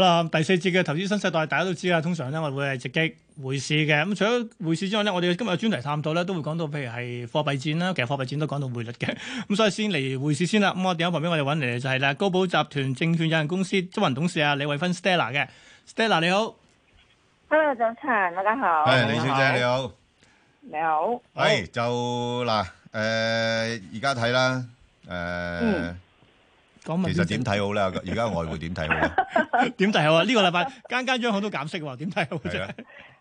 啦，第四節嘅投資新世代，大家都知啦。通常咧我哋會係直擊匯市嘅。咁除咗匯市之外咧，我哋今日嘅專題探討咧，都會講到譬如係貨幣戰啦。其實貨幣戰都講到匯率嘅。咁所以先嚟匯市先啦。咁我電話旁邊我哋揾嚟就係啦，高寶集團證券有限公司執行董事啊李慧芬 Stella 嘅，Stella 你好。Hello，早晨，大家好。係李小姐你好。你好。係就嗱，誒而家睇啦，誒。其實點睇好咧？而家外匯點睇好， 好？點睇好啊？呢個禮拜間間央行都減息喎，點睇好啫？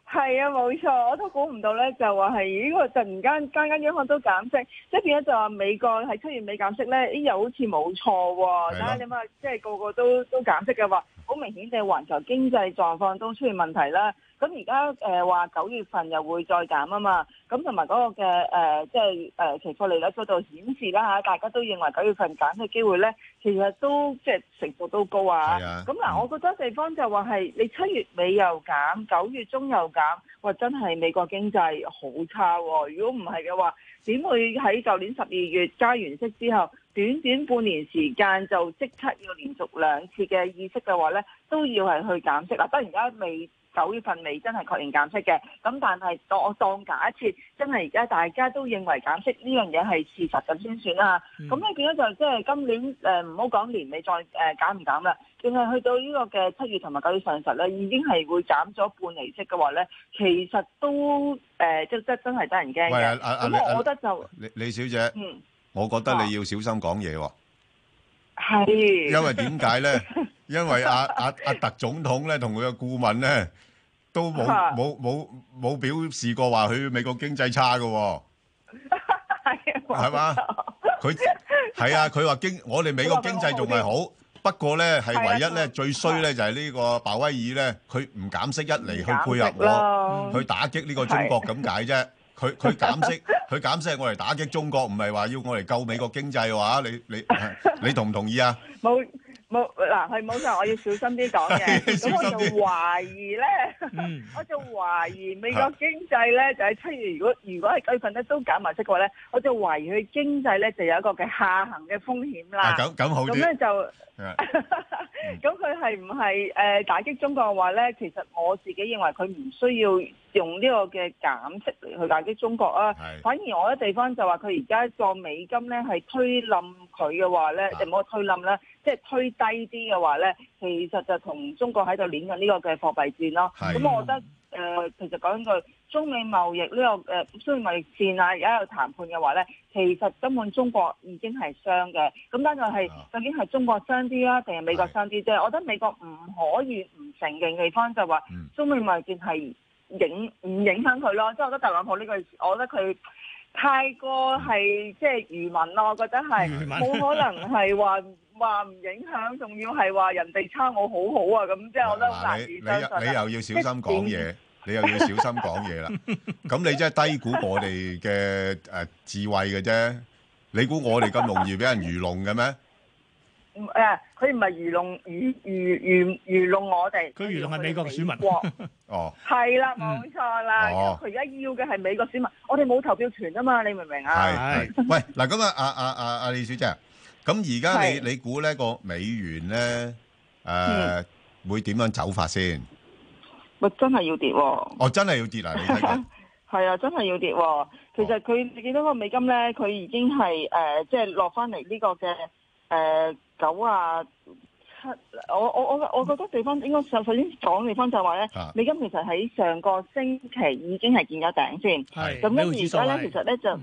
係啊，冇、 啊、錯，我都估唔到咧，就話係呢個突然間間間央行都減息，即係變咗就話美國係出現美減息咧，依又好似冇錯喎。啊、但係你諗下即係個個都都減息嘅話。好明顯，即係環球經濟狀況都出現問題啦。咁而家誒話九月份又會再減啊嘛。咁同埋嗰個嘅誒，即係誒情況利率嗰度，度顯示啦嚇，大家都認為九月份減嘅機會咧，其實都即係成數都高啊。咁嗱、啊呃，我覺得地方就話係你七月尾又減，九月中又減，哇！真係美國經濟好差喎，哦。如果唔係嘅話，點會喺舊年十二月加完息之後？短短半年時間就即刻要連續兩次嘅議息嘅話咧，都要係去減息啦、啊。不過而家未九月份未真係確認減息嘅，咁但係我當，當假設真係而家大家都認為減息呢樣嘢係事實咁先算啦、啊。咁咧、嗯、變咗就即係今年誒唔好講年尾再誒、呃、減唔減啦，淨係去到呢個嘅七月同埋九月上旬咧，已經係會減咗半厘息嘅話咧，其實都誒即即真係得人驚，咁我覺得就李、啊啊、李小姐嗯。嗯我覺得你要小心講嘢，係，因為點解咧？因為阿阿阿特總統咧，同佢嘅顧問咧，都冇冇冇冇表示過話佢美國經濟差嘅，係嘛？佢係啊，佢話經我哋美國經濟仲係好，不過咧係，唯一咧最衰咧就係呢個鮑威爾咧，佢唔減息一嚟去配合我去打擊呢個中國咁解啫。佢佢減息，佢減息，我嚟打擊中國，唔係話要我嚟救美國經濟嘅話，你你你同唔同意啊？冇冇嗱，係冇錯，我要小心啲講嘅。咁我就懷疑咧，我就懷疑美國經濟咧，就係七月。如果如果係舉憤咧都減埋息嘅話咧，我就懷疑佢經濟咧就有一個嘅下行嘅風險啦。咁咁好啲。咁咧就咁佢係唔係誒打擊中國嘅話咧？其實我自己認為佢唔需要。用呢個嘅減息嚟去打擊中國啊！反而我啲地方就話佢而家做美金咧，係推冧佢嘅話咧，你唔好推冧咧，即係推低啲嘅話咧，其實就同中國喺度攣緊呢個嘅貨幣戰咯。咁我覺得誒，其實講一句，中美貿易呢個誒，中美貿易戰啊，而家有談判嘅話咧，其實根本中國已經係傷嘅。咁單就係究竟係中國傷啲啊，定係美國傷啲啫？我覺得美國唔可以唔承認嘅地方就話，中美貿易戰係。影唔影響佢咯？即係我覺得特朗普呢句，我覺得佢太過係即係愚民咯。我覺得係冇可能係話話唔影響，仲要係話人哋撐我好好啊咁。即係我覺得大。你你你，又要小心講嘢，你又要小心講嘢啦。咁你真係低估我哋嘅誒智慧嘅啫。你估我哋咁容易俾人愚弄嘅咩？誒，佢唔係愚弄愚愚愚愚弄我哋，佢愚弄係美國嘅選民。哦，係啦，冇錯啦。咁佢而家要嘅係美國選民，我哋冇投票權啊嘛，你明唔明啊？係，喂，嗱，咁啊，阿阿阿阿李小姐，咁而家你你估呢個美元咧誒會點樣走法先？我真係要跌，哦，真係要跌啊！係啊，真係要跌。其實佢你見到個美金咧，佢已經係誒，即係落翻嚟呢個嘅誒。九啊七，我我我我覺得地方應該首首先講嘅地方就係話咧，美金其實喺上個星期已經係見咗頂先，咁咁而家咧其實咧就係、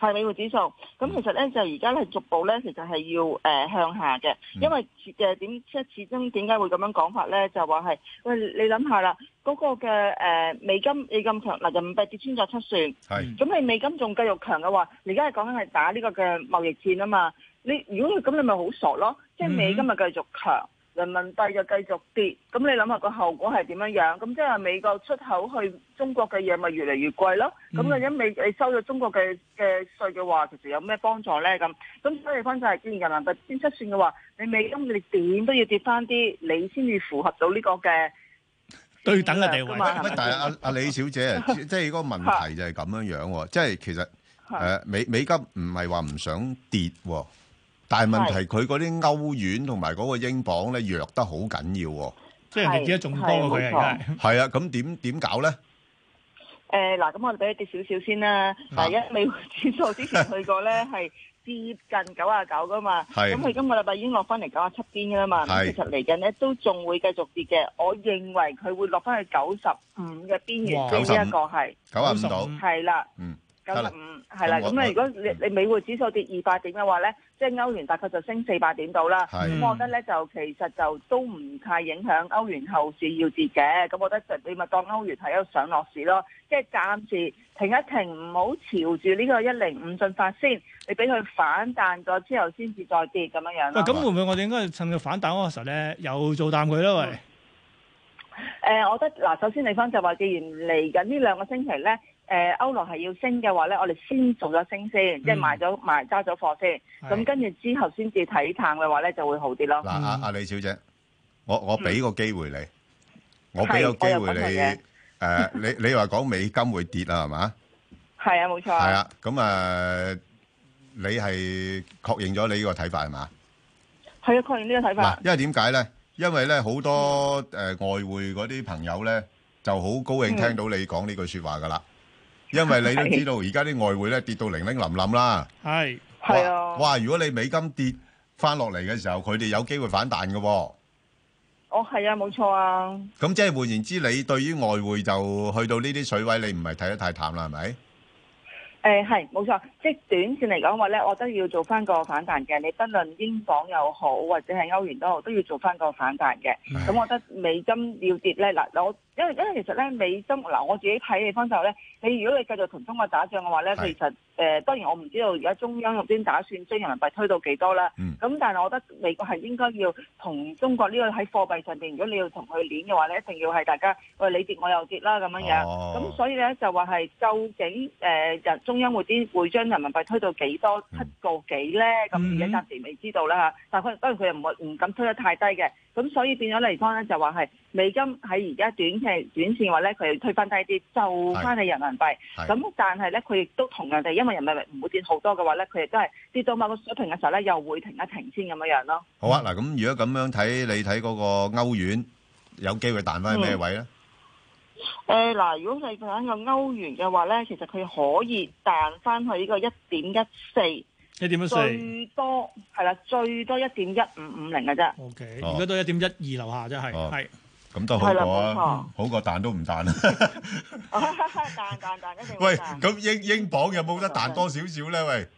嗯、美匯指數，咁其實咧就而家咧逐步咧其實係要誒、呃、向下嘅，因為嘅點即係始終點解會咁樣講法咧，就話係喂，你諗下啦，嗰、那個嘅誒、呃、美金你咁強嗱，就五百跌穿咗七算，咁的你美金仲繼續強嘅話，你而家係講緊係打呢個嘅貿易戰啊嘛。你如果咁，你咪好傻咯！即係美金咪繼續強，人民幣就繼續跌，咁你諗下個後果係點樣樣？咁即係美國出口去中國嘅嘢咪越嚟越貴咯？咁嘅因為你收咗中國嘅嘅稅嘅話，其實有咩幫助咧？咁咁所以分析係既然人民幣先出線嘅話，你美金你點都要跌翻啲，你先至符合到呢個嘅對等嘅地位。喂是是但係阿阿李小姐 即係嗰個問題就係咁樣樣， 即係其實誒美、呃、美金唔係話唔想跌。但係問題，佢嗰啲歐元同埋嗰個英鎊咧弱得好緊要喎，即係跌得仲多過佢。係啊，咁點點搞咧？誒嗱，咁我哋俾一跌少少先啦。第一，美匯指數之前去過咧係接近九啊九噶嘛，咁佢今個禮拜已經落翻嚟九啊七邊噶啦嘛。其實嚟緊咧都仲會繼續跌嘅，我認為佢會落翻去九十五嘅邊緣。哇！呢一個係九啊五度，係啦。嗯。五係啦，咁咧我如果你你美匯指數跌二百點嘅話咧，嗯、即係歐元大概就升四百點到啦。咁的我覺得咧就其實就都唔太影響歐元後市要跌嘅。咁我覺得你就你咪當歐元係一個上落市咯，即係暫時停一停，唔好朝住呢個一零五進發先，你俾佢反彈咗之後先至再跌咁樣樣。咁會唔會我哋應該趁佢反彈嗰個時候咧，又做淡佢咧？喂，誒、嗯呃，我覺得嗱、呃，首先你講就話，既然嚟緊呢兩個星期咧。誒歐羅係要升嘅話咧，我哋先做咗升先，即係買咗買揸咗貨先。咁跟住之後先至睇淡嘅話咧，就會好啲咯。嗱，阿李小姐，我我俾個機會你，我俾個機會你。誒，你你話講美金會跌啊，係嘛？係啊，冇錯。係啊，咁誒，你係確認咗你呢個睇法係嘛？係啊，確認呢個睇法。嗱，因為點解咧？因為咧好多誒外匯嗰啲朋友咧，就好高興聽到你講呢句説話㗎啦。因為你都知道，而家啲外匯咧跌到零零林林啦。係係啊！哇！如果你美金跌翻落嚟嘅時候，佢哋有機會反彈嘅。哦，係啊，冇錯啊。咁即係換言之，你對於外匯就去到呢啲水位，你唔係睇得太淡啦，係咪？誒係冇錯，即係短線嚟講話咧，我覺得要做翻個反彈嘅。你不論英鎊又好，或者係歐元都好，都要做翻個反彈嘅。咁我覺得美金要跌咧，嗱我。因為因為其實咧，美中嗱，我自己睇嘅方就咧，你如果你繼續同中國打仗嘅話咧，其實。誒，當然我唔知道而家中央會點打算將人民幣推到幾多啦。咁、嗯、但係我覺得美國係應該要同中國呢個喺貨幣上邊，如果你要同佢連嘅話咧，一定要係大家、哎、你我你跌我又跌啦咁樣樣。咁、哦、所以咧就話係究竟誒人、呃、中央會點會將人民幣推到幾多、嗯、七個幾咧？咁而家暫時未知道啦、啊。但係佢當然佢又唔會唔敢推得太低嘅。咁所以變咗嚟講咧，就話係美金喺而家短期短線話咧，佢推翻低啲，就翻你人民幣。咁但係咧，佢亦都同樣地因為人咪唔會跌好多嘅話咧，佢亦都係跌到某個水平嘅時候咧，又會停一停先咁樣樣咯。好啊，嗱，咁如果咁樣睇，你睇嗰個歐元有機會彈翻去咩位咧？誒，嗱，如果你睇個歐元嘅話咧，其實佢可以彈翻去呢個一點一四，一點一四，最多係啦，最多一點一五五零嘅啫。O K，而家都一點一二樓下啫，係係。咁都好過啊，好過彈都唔彈啊！彈彈彈一定況。 喂，咁英英鎊有冇得彈多少少咧？喂，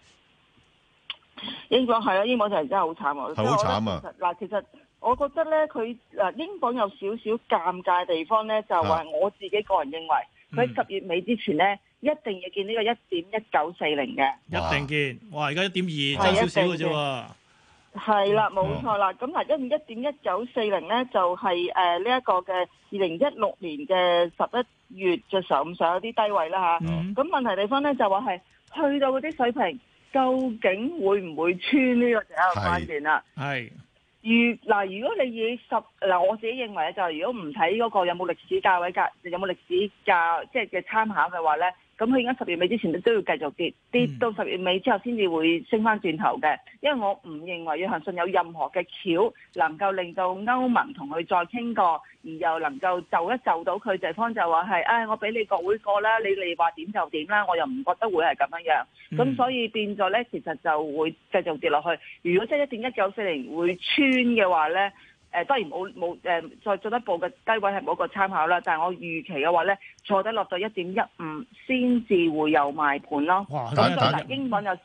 英鎊係啊，英鎊就係真係好慘啊！好慘啊！嗱，其實我覺得咧，佢嗱英鎊有少少尷尬地方咧，就係我自己個人認為，佢喺十月尾之前咧，一定要見呢個一點一九四零嘅。哇一定見！哇，而家是一點二，少少嘅啫喎。係啦，冇錯啦。咁嗱，一五一點一九四零咧，就係誒呢一個嘅二零一六年嘅十一月嘅時候，咁上有啲低位啦吓。咁問題地方咧就話係去到嗰啲水平，究竟會唔會穿呢個第一個關鍵啦？係。如嗱，如果你以十嗱，我自己認為咧就係如果唔睇嗰個有冇歷史價位價，有冇歷史價即係嘅參考嘅話咧。咁佢而家十月尾之前都要繼續跌，跌到十月尾之後先至會升返轉頭嘅，因為我唔認為約翰遜有任何嘅橋能夠令到歐盟同佢再傾過，而又能夠就一就到佢地方就話係，唉、哎，我俾你國會過啦，你你話點就點啦，我又唔覺得會係咁樣樣，咁、嗯嗯嗯、所以變咗咧，其實就會繼續跌落去。如果真係一點一九四零會穿嘅話咧。誒，當然冇冇誒再進一步嘅低位係冇一個參考啦，但係我預期嘅話咧，坐低落到一點一五先至會有賣盤咯。哇！但係英鎊又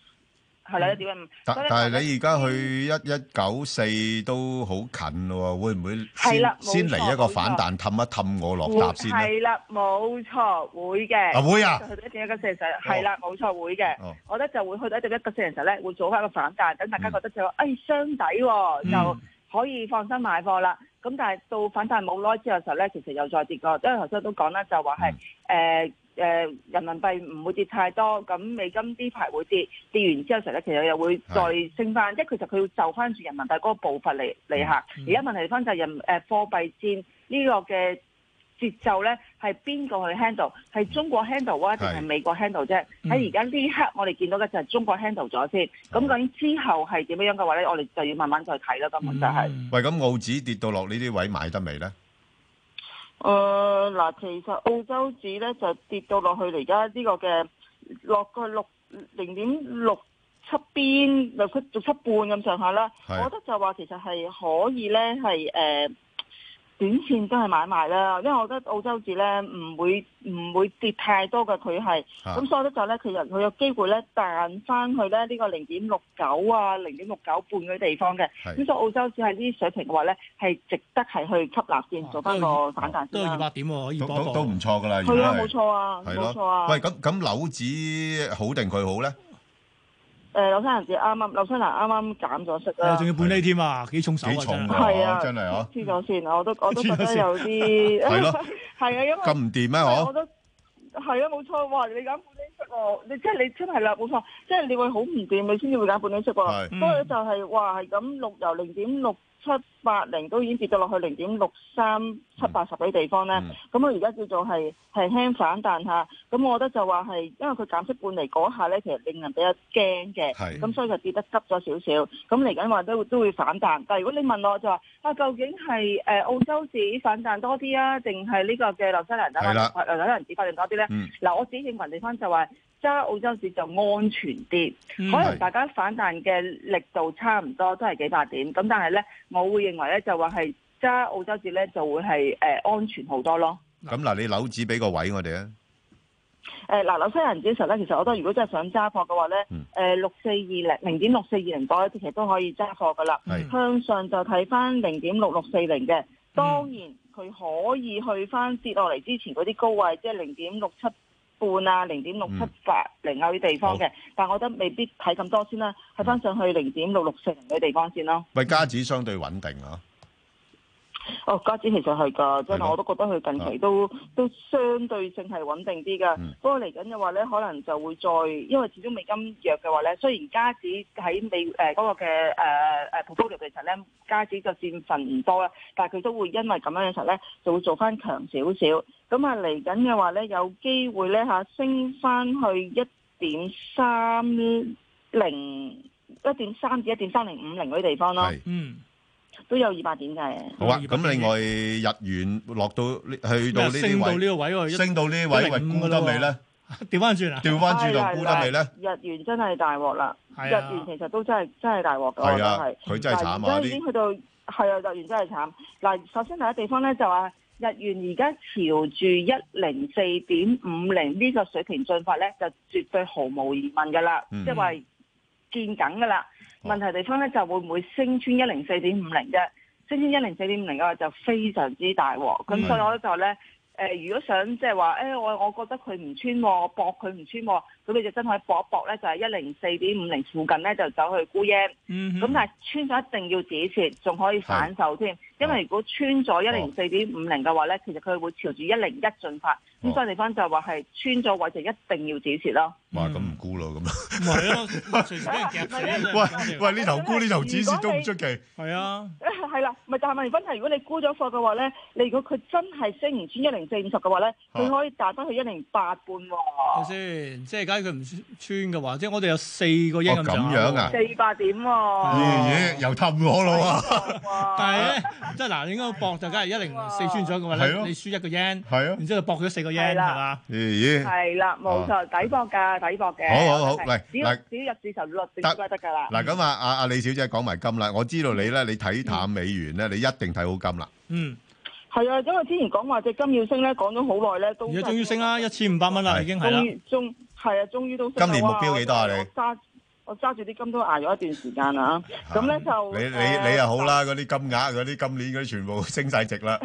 係啦，一點一五。但係你而家去一一九四都好近咯，會唔會？係啦，先嚟一個反彈氹一氹我落架先啦。係啦，冇錯，會嘅。啊會啊！去到一點一九四其實係啦，冇錯會嘅。我覺得就會去到一點一九四其實咧會做翻一個反彈，等大家覺得就話誒雙底喎就。可以放心買貨啦，咁但係到反彈冇耐之後時候咧，其實又再跌過，因為頭先都講啦，就話係誒誒人民幣唔會跌太多，咁美金呢排會跌，跌完之後時候咧，其實又會再升翻，mm. 即係其實佢要就翻住人民幣嗰個步伐嚟嚟吓，而家、mm. 問題翻就係人誒、呃、貨幣戰呢個嘅。節奏咧係邊個去 handle？係中國 handle 啊，定係美國 handle 啫？喺而家呢刻我哋見到嘅就係中國 handle 咗先。咁究竟之後係點樣嘅話咧，我哋就要慢慢再睇啦。根本就係、是。是嗯、喂，咁澳紙跌到落呢啲位買得未咧？誒嗱、呃，其實澳洲紙咧就跌到落去嚟，而家呢個嘅落個六零點六七邊，六七六七半咁上下啦。是我覺得就話其實係可以咧，係誒。呃短線都係買埋啦，因為我覺得澳洲指咧唔會唔會跌太多嘅，佢係咁所以咧就咧，其實佢有機會咧彈翻去咧呢個零點六九啊，零點六九半嗰啲地方嘅。咁是所以澳洲指喺呢啲水平嘅話咧，係值得係去吸納先、啊、做翻個反彈先。都二百點喎，可以，都都唔錯㗎啦，係啊，冇錯啊，冇錯啊。的錯啊。喂，咁咁樓指好定佢好咧？誒紐西蘭字啱啱紐西蘭啱啱減咗息啦，仲要半厘添啊，幾重手啊，係啊，真係啊，黐咗線啊，我都我都覺得有啲係啊，因為咁唔掂咩？我，係啊，冇錯，哇，你減半厘息喎，你即係你真係啦，冇錯，即係你會好唔掂，你先至會減半厘息噃，不過就係話係咁六由零點六。七八零都已經跌咗落去零點六三七八十嘅地方咧，咁我而家叫做係係輕反彈下。咁我覺得就話係因為佢減息半厘嗰下咧，其實令人比較驚嘅，咁的、嗯、所以就跌得急咗少少，咁嚟緊話都都會反彈。但係如果你問我就話啊，究竟係誒、呃、澳洲紙反彈多啲啊，定係呢個嘅紐西蘭啊，紐紐西蘭紙反彈多啲咧？嗱、嗯，我自己認同你方就話。揸澳洲紙就安全啲，嗯、可能大家反彈嘅力度差唔多，都係幾百點。咁但係咧，我會認為咧就話係揸澳洲紙咧就會係誒、呃、安全好多咯。咁嗱，你紐紙俾個位我哋啊。誒嗱、呃、紐、呃、西蘭紙嘅時咧，其實我都如果真係想揸貨嘅話咧，誒六四二零零點六四二零多咧，其實都可以揸貨㗎喇。是向上就睇翻零點六六四零嘅，當然佢、嗯、可以去翻跌落嚟之前嗰啲高位，即係零點六七。半啊，零點六七八零啊啲地方嘅，但係我覺得未必睇咁多先啦，睇翻上去零點六六四零嘅地方先咯。喂，加紙相對穩定啊。哦，加、oh, 紙其實係㗎，真係的我都覺得佢近期都的都相對性係穩定啲㗎。嗯、不過嚟緊嘅話咧，可能就會再因為始終美金弱嘅話咧，雖然加紙喺美誒嗰、呃那個嘅誒誒 portfolio 其實咧，加、呃呃、紙就佔份唔多啦，但係佢都會因為咁樣嘅時候咧，就會做翻強少少。咁啊嚟緊嘅話咧，有機會咧嚇升翻去一點三零、一點三至一點三零五零嗰啲地方咯。是嗯。都有二百點嘅，好啊！咁另外日元落到去到呢升到呢個位，升到呢位，位喂，沽得未咧？掉翻轉啊！掉翻轉就估得未咧？日元真係大鑊啦！的日元其實都真係真係大鑊㗎，係啊，佢真係慘啊！已經去到係啊，日元真係慘嗱。首先第一、那個、地方咧就話日元而家朝住一零四點五零呢個水平進發咧，就絕對毫無疑問㗎啦，嗯、即係話見梗㗎啦。問題地方咧就是、會唔會升穿一零四點五零啫？升穿一零四點五零嘅話就非常之大喎。咁、嗯、哼所以我咧就咧誒、呃，如果想即係話，誒、就是哎、我我覺得佢唔穿、哦，我博佢唔穿、哦，咁你就真係可以搏一搏咧，就係一零四點五零附近咧就走去沽嘅。咁、嗯、哼但係穿咗一定要止蝕，仲可以反手添。因為如果穿咗一零四點五零嘅話咧，其實佢會朝住一零一進發，咁、哦、所以地方就話係穿咗位就一定要止蝕咯。嗯、哇，咁唔沽咯，咁 啊，唔係啊，喂喂，呢頭沽呢如果 頭止蝕都唔出奇，係啊，係啦、啊，咪、啊啊、但係問題如果你沽咗貨嘅話咧，你如果佢真係升唔穿一零四五十嘅話咧，佢可以打翻去一零八半喎。係先、啊？即係假如佢唔穿嘅話，即係我哋有四個億咁，哦、樣啊，四百點喎、哦。咦、yeah, yeah,？又氹我咯，但係咧。即係嗱，你應該博就梗係一零四穿咗嘅話咧，你輸一個 yen，係咯，然之後就博咗四個 yen，係啦，係啦，冇錯，抵博噶，抵博嘅。好好好，嚟嚟，只要入市就落市都得噶啦。嗱，咁啊啊啊李小姐講埋金啦，我知道你咧，你睇淡美元咧，你一定睇好金啦。嗯，係啊，因為之前講話隻金要升咧，講咗好耐咧，都而家終於升啦，一千五百蚊啦，已經係啦。終係啊，終於都升，今年目標幾多啊你？三。我揸住啲金都捱咗一段時間啊！咁咧就你你你又好啦，嗰啲金額、嗰啲金鏈、嗰啲全部升曬值啦。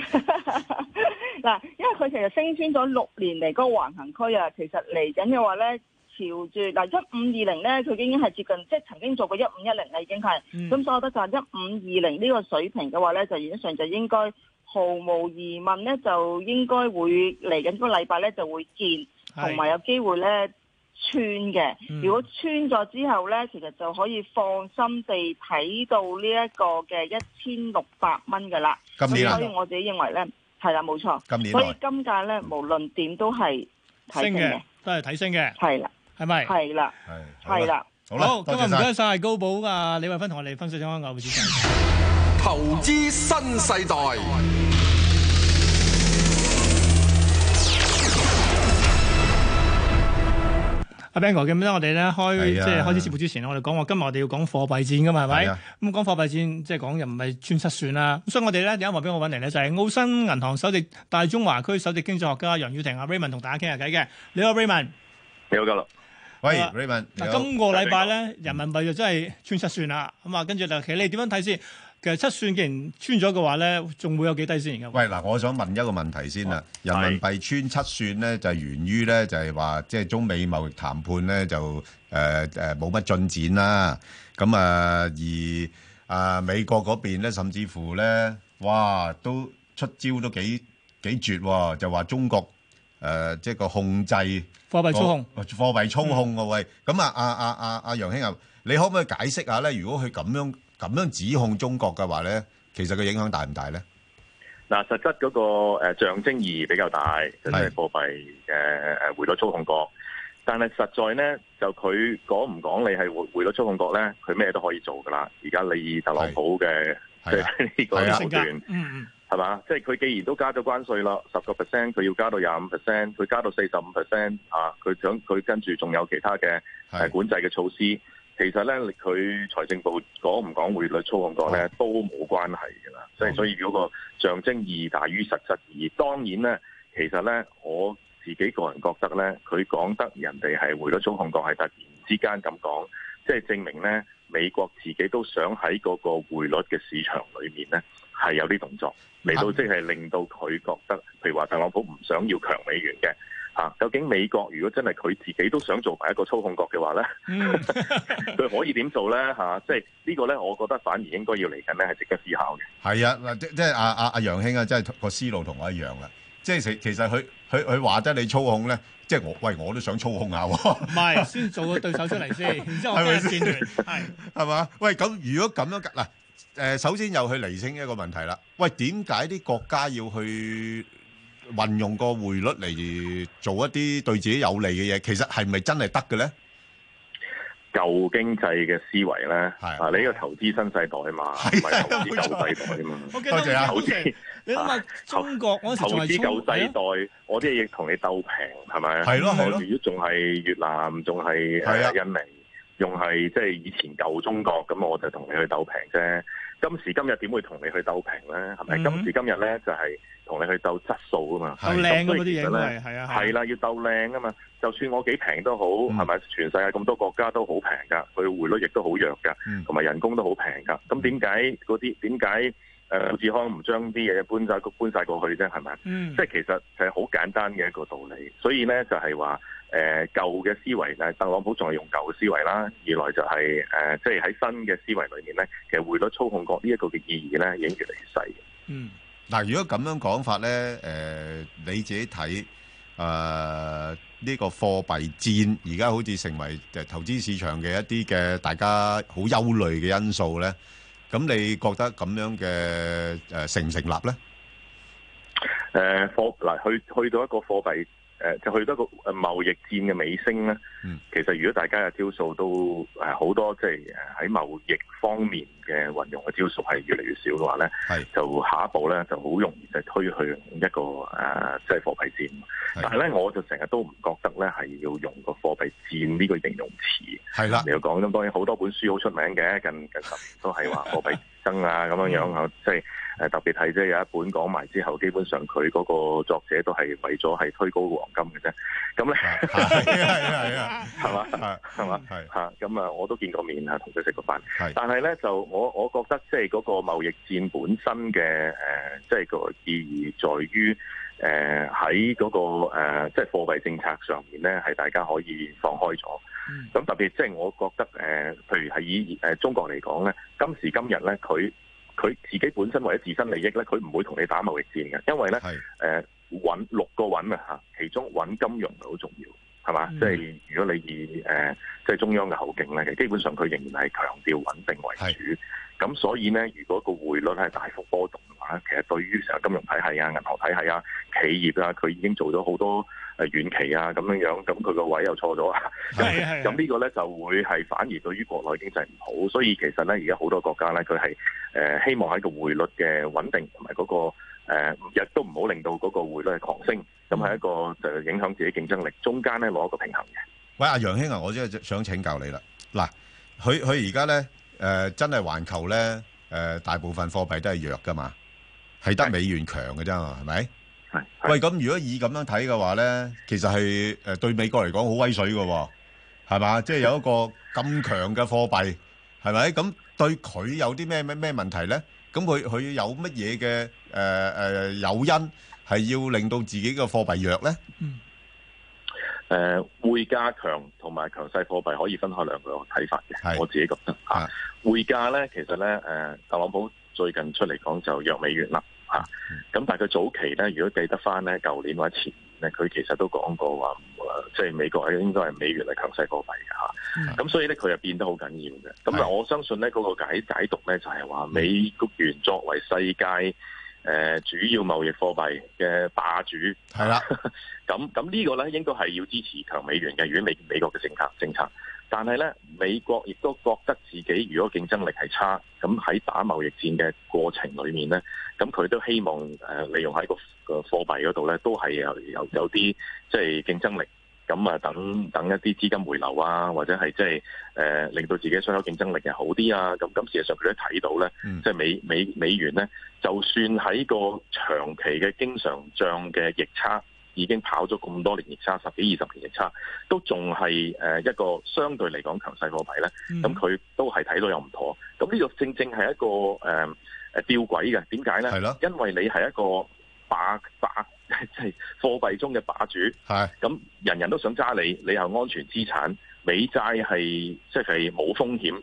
嗱，因為佢其實升穿咗六年嚟嗰個橫行區啊，其實嚟緊嘅話咧，朝住嗱一五二零咧，佢已經係接近，即係曾經做過一五一零啦，已經係。咁所以我覺得就一五二零呢個水平嘅話咧，就現上就應該毫無疑問咧，就應該會嚟緊個禮拜咧就會見，同埋有機會咧。穿嘅，嗯、如果穿咗之後咧，其實就可以放心地睇到呢一個嘅一千六百蚊噶啦。今年啊，所以我自己認為咧，係啦，冇錯。今年，所以今屆咧，無論點都係睇升嘅，都係睇升嘅。係啦的，係咪？的係啦，係啦，好啦，好，今日唔該晒高寶啊，李慧芬同我哋分析一下牛股資訊。我投資新世代。阿 Ben 哥，咁咧我哋咧開、啊、即係開始節目之前我哋講話今日我哋要講貨幣戰噶嘛，係咪？咁講貨幣戰即係講又唔係穿七算啦。咁所以我哋咧第一話俾我揾嚟咧，就係、是、澳新銀行首席大中華區首席經濟學家楊宇霆阿 Raymond 同大家傾下偈嘅。你好 Raymond，你好嘉樂，Ray 喂 Raymond。嗱，今個禮拜咧，Ray man, 人民幣就真係穿七算啦。咁啊、嗯，跟住劉奇，你點樣睇先？其實七算既然穿咗嘅話咧，仲會有幾低先嘅？喂，嗱，我想問一個問題先啦。人民幣穿七算咧，就係源於咧，就係話即係中美貿易談判咧，就誒誒冇乜進展啦。咁啊，而啊美國嗰邊咧，甚至乎咧，哇，都出招都幾幾絕喎，就話中國誒即係個控制貨幣操控，貨幣操控啊。喂。咁啊啊啊啊，阿楊兄啊，你可唔可以解釋下咧？如果佢咁樣？咁樣指控中國嘅話咧，其實個影響大唔大咧？嗱，實質嗰、那個、呃、象徵意義比較大，是即係貨幣誒誒匯率操控國。但係實在咧，就佢講唔講你係匯匯率操控國咧，佢咩都可以做噶啦。而家你特朗普嘅即係呢個階段，係嘛、嗯？即係佢既然都加咗關稅啦，十個 percent 佢要加到廿五 percent，佢加到四十五 percent 啊！佢想佢跟住仲有其他嘅誒管制嘅措施。是其實咧，佢財政部講唔講匯率操控過國咧，都冇關係㗎啦。即係所以嗰個象徵意大於實質。而當然咧，其實咧，我自己個人覺得咧，佢講得人哋係匯率操控國，係突然之間咁講，即係證明咧，美國自己都想喺嗰個匯率嘅市場裏面咧，係有啲動作嚟到，即係令到佢覺得，譬如話特朗普唔想要強美元嘅。啊，究竟美國如果真係佢自己都想做埋一個操控國嘅話咧，佢可以點做咧？嚇，即係呢個咧，我覺得反而應該要嚟緊咧，係值得思考嘅。係啊，嗱，即係阿阿阿楊兄啊，真係個思路同我一樣啦。即係其實其實佢佢佢話得你操控咧，即係我喂我都想操控下喎。唔係，先做個對手出嚟先，然之後係咪先係係嘛？喂，咁如果咁樣嗱，誒首先又去釐清一個問題啦。喂，點解啲國家要去？運用個匯率嚟做一啲對自己有利嘅嘢，其實係咪真係得嘅咧？舊經濟嘅思維咧，啊，你要投資新世代啊嘛，唔係投資舊世代啊嘛。多謝啊！你諗下中國，我認為中國投資舊世代，我啲嘢同你鬥平係咪？係咯係咯。我如果仲係越南，仲係印尼，仲係即係以前舊中國，咁我就同你去鬥平啫。今時今日點會同你去鬥平呢？係咪？今時今日呢，就係、是、同你去鬥質素啊嘛！鬥靚嗰啲嘢啊！係係啊！啦、啊，要鬥靚啊嘛！就算我幾平都好，係咪、嗯？全世界咁多國家都好平㗎，佢匯率亦都好弱㗎，同埋、嗯、人工都好平㗎。咁點解嗰啲點解？誒，富士康唔將啲嘢搬晒搬曬過去啫，係咪？即係其實係好簡單嘅一個道理。所以咧，就係話誒舊嘅思維咧，特朗普仲係用舊嘅思維啦。二來就係、是、誒，即係喺新嘅思維裏面咧，其實匯率操控國呢一個嘅意義咧，已經越嚟越細。嗯，嗱，如果咁樣講法咧，誒、呃、你自己睇誒呢個貨幣戰，而家好似成為誒投資市場嘅一啲嘅大家好憂慮嘅因素咧。咁你覺得咁樣嘅誒成唔成立咧？誒貨嗱去去到一個貨幣誒，就去到一個貿易戰嘅尾聲咧。嗯。其實如果大家嘅招數都誒好多，即係喺貿易方面。嘅運用嘅招數係越嚟越少嘅話咧，就下一步咧就好容易就推去一個誒即係貨幣戰。但係咧，我就成日都唔覺得咧係要用個貨幣戰呢個形容詞。係啦，你要講咁當然好多本書好出名嘅，近近十年都係話貨幣爭啊咁樣樣即係誒特別係即係有一本講埋之後，基本上佢嗰個作者都係為咗係推高黃金嘅啫。咁咧係啊係啊係啊，係嘛係嘛係嚇咁啊！我都見過面啊，同佢食過飯。但係咧就。我我覺得即係嗰個貿易戰本身嘅誒，即、呃、係、就是那個意義在於誒喺嗰個即係貨幣政策上面咧，係大家可以放開咗。咁、嗯、特別即係我覺得誒、呃，譬如係以誒中國嚟講咧，今時今日咧，佢佢自己本身為咗自身利益咧，佢唔會同你打貿易戰嘅，因為咧誒穩六個穩啊吓，其中穩金融係好重要。係嘛？即係如果你以誒、呃，即係中央嘅口徑咧，基本上佢仍然係強調穩定為主。咁所以咧，如果個匯率係大幅波動嘅話，其實對於成金融體系啊、銀行體系啊、企業啊，佢已經做咗好多誒遠期啊咁樣樣，咁佢個位又錯咗啊。係係。咁呢個咧就會係反而對於國內經濟唔好，所以其實咧而家好多國家咧，佢係誒希望喺個匯率嘅穩定同埋嗰個日、呃、都唔好令到嗰個匯率狂升，咁係一個就影響自己競爭力，中間咧攞一個平衡嘅。喂、啊，阿楊兄啊，我真係想請教你啦。嗱，佢佢而家咧。誒、呃、真係環球咧，誒、呃、大部分貨幣都係弱噶嘛，係得美元強嘅啫，係咪？係 喂，咁如果以咁樣睇嘅話咧，其實係誒、呃、對美國嚟講好威水嘅喎，係嘛？即係有一個咁強嘅貨幣，係咪？咁對佢有啲咩咩咩問題咧？咁佢佢有乜嘢嘅誒誒誘因係要令到自己嘅貨幣弱咧？嗯。誒，匯價、呃、強同埋強勢貨幣可以分開兩個睇法嘅，是我自己覺得是啊，匯價咧其實咧，誒、呃，特朗普最近出嚟講就弱美元啦，嚇、啊，咁、嗯、但係佢早期咧，如果記得返咧，舊年或者前年咧，佢其實都講過話、呃，即係美國係應該係美元係強勢貨幣嘅嚇，咁、啊是嗯、所以咧佢又變得好緊要嘅，咁啊，我相信咧嗰、那個解解讀咧就係、是、話美元作為世界。誒、呃、主要貿易貨幣嘅霸主係啦，咁咁呢個咧應該係要支持強美元嘅，如果美美國嘅政策政策，但係咧美國亦都覺得自己如果競爭力係差，咁喺打貿易戰嘅過程裡面咧，咁佢都希望誒、呃、利用喺個個貨幣嗰度咧，都係有有有啲即係競爭力，咁啊、嗯，等等一啲資金回流啊，或者係即係誒，令到自己出口競爭力又好啲啊！咁事實上佢都睇到咧，即係、嗯、美美美元咧，就算喺個長期嘅經常帳嘅逆差已經跑咗咁多年逆差，十幾二十年逆差，都仲係誒一個相對嚟講強勢貨幣咧。咁佢、嗯、都係睇到有唔妥。咁呢個正正係一個誒誒吊詭嘅。點解咧？係咯，為的因為你係一個。把把即係、就是、貨幣中嘅霸主，係咁的人人都想揸你，你係安全資產，美債係即係冇風險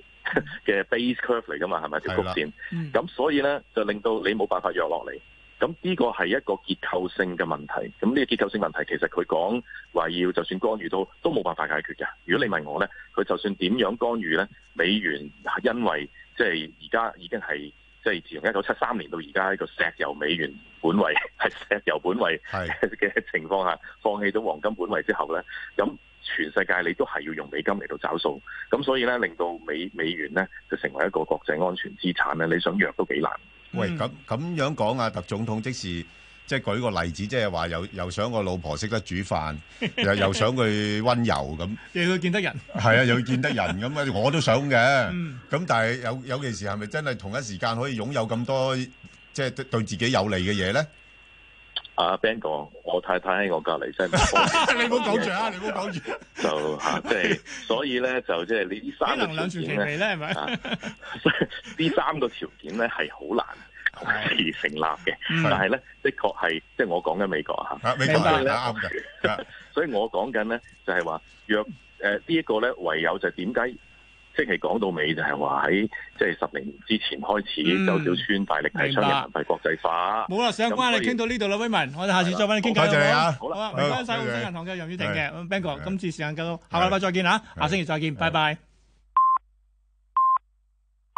嘅、mm. base curve 嚟㗎嘛，係咪條曲線？咁的所以咧就令到你冇辦法弱落嚟，咁呢個係一個結構性嘅問題。咁呢個結構性問題其實佢講話要就算干預都都冇辦法解決㗎。如果你問我咧，佢就算點樣干預咧，美元因為即係而家已經係即係自從一九七三年到而家呢個石油美元。本位係石油本位嘅情況下是放棄咗黃金本位之後咧，咁全世界你都係要用美金嚟到找數，咁所以咧令到美美元咧就成為一個國際安全資產咧，你想弱都幾難。喂，咁咁樣講啊，特總統即是即係舉個例子，即係話又又想個老婆識得煮飯， 又又想佢溫柔咁， 又要見得人，係啊，又要見得人咁啊， 我都想嘅。咁 但係有有其時係咪真係同一時間可以擁有咁多？即係對自己有利嘅嘢咧，阿、uh, Ben 講，我太太喺我隔籬，真 你唔好講住啊！你唔好講住就吓，即係所以咧就即係呢啲三個條件咧係咪？所以呢、就是、三個條件咧係好難同時成立嘅，嗯、但係咧是的確係即係我講緊美國吓，啊、美國明啱嘅。 yeah. 所以我講緊咧就係、是、話若誒、呃呃這個、呢一個咧唯有就點解？即係講到尾就係話喺即係十年之前開始，周小川大力提出人民幣國際化。冇啦，時間關係你傾到呢度啦，各位民，我哋下次再揾你傾偈啦。好啊，好啦，唔該晒，澳洲銀行嘅楊宇霆嘅咁 Ben 哥，嗯、o，今次時間夠，下個禮拜，拜再見嚇，下星期再見，拜拜。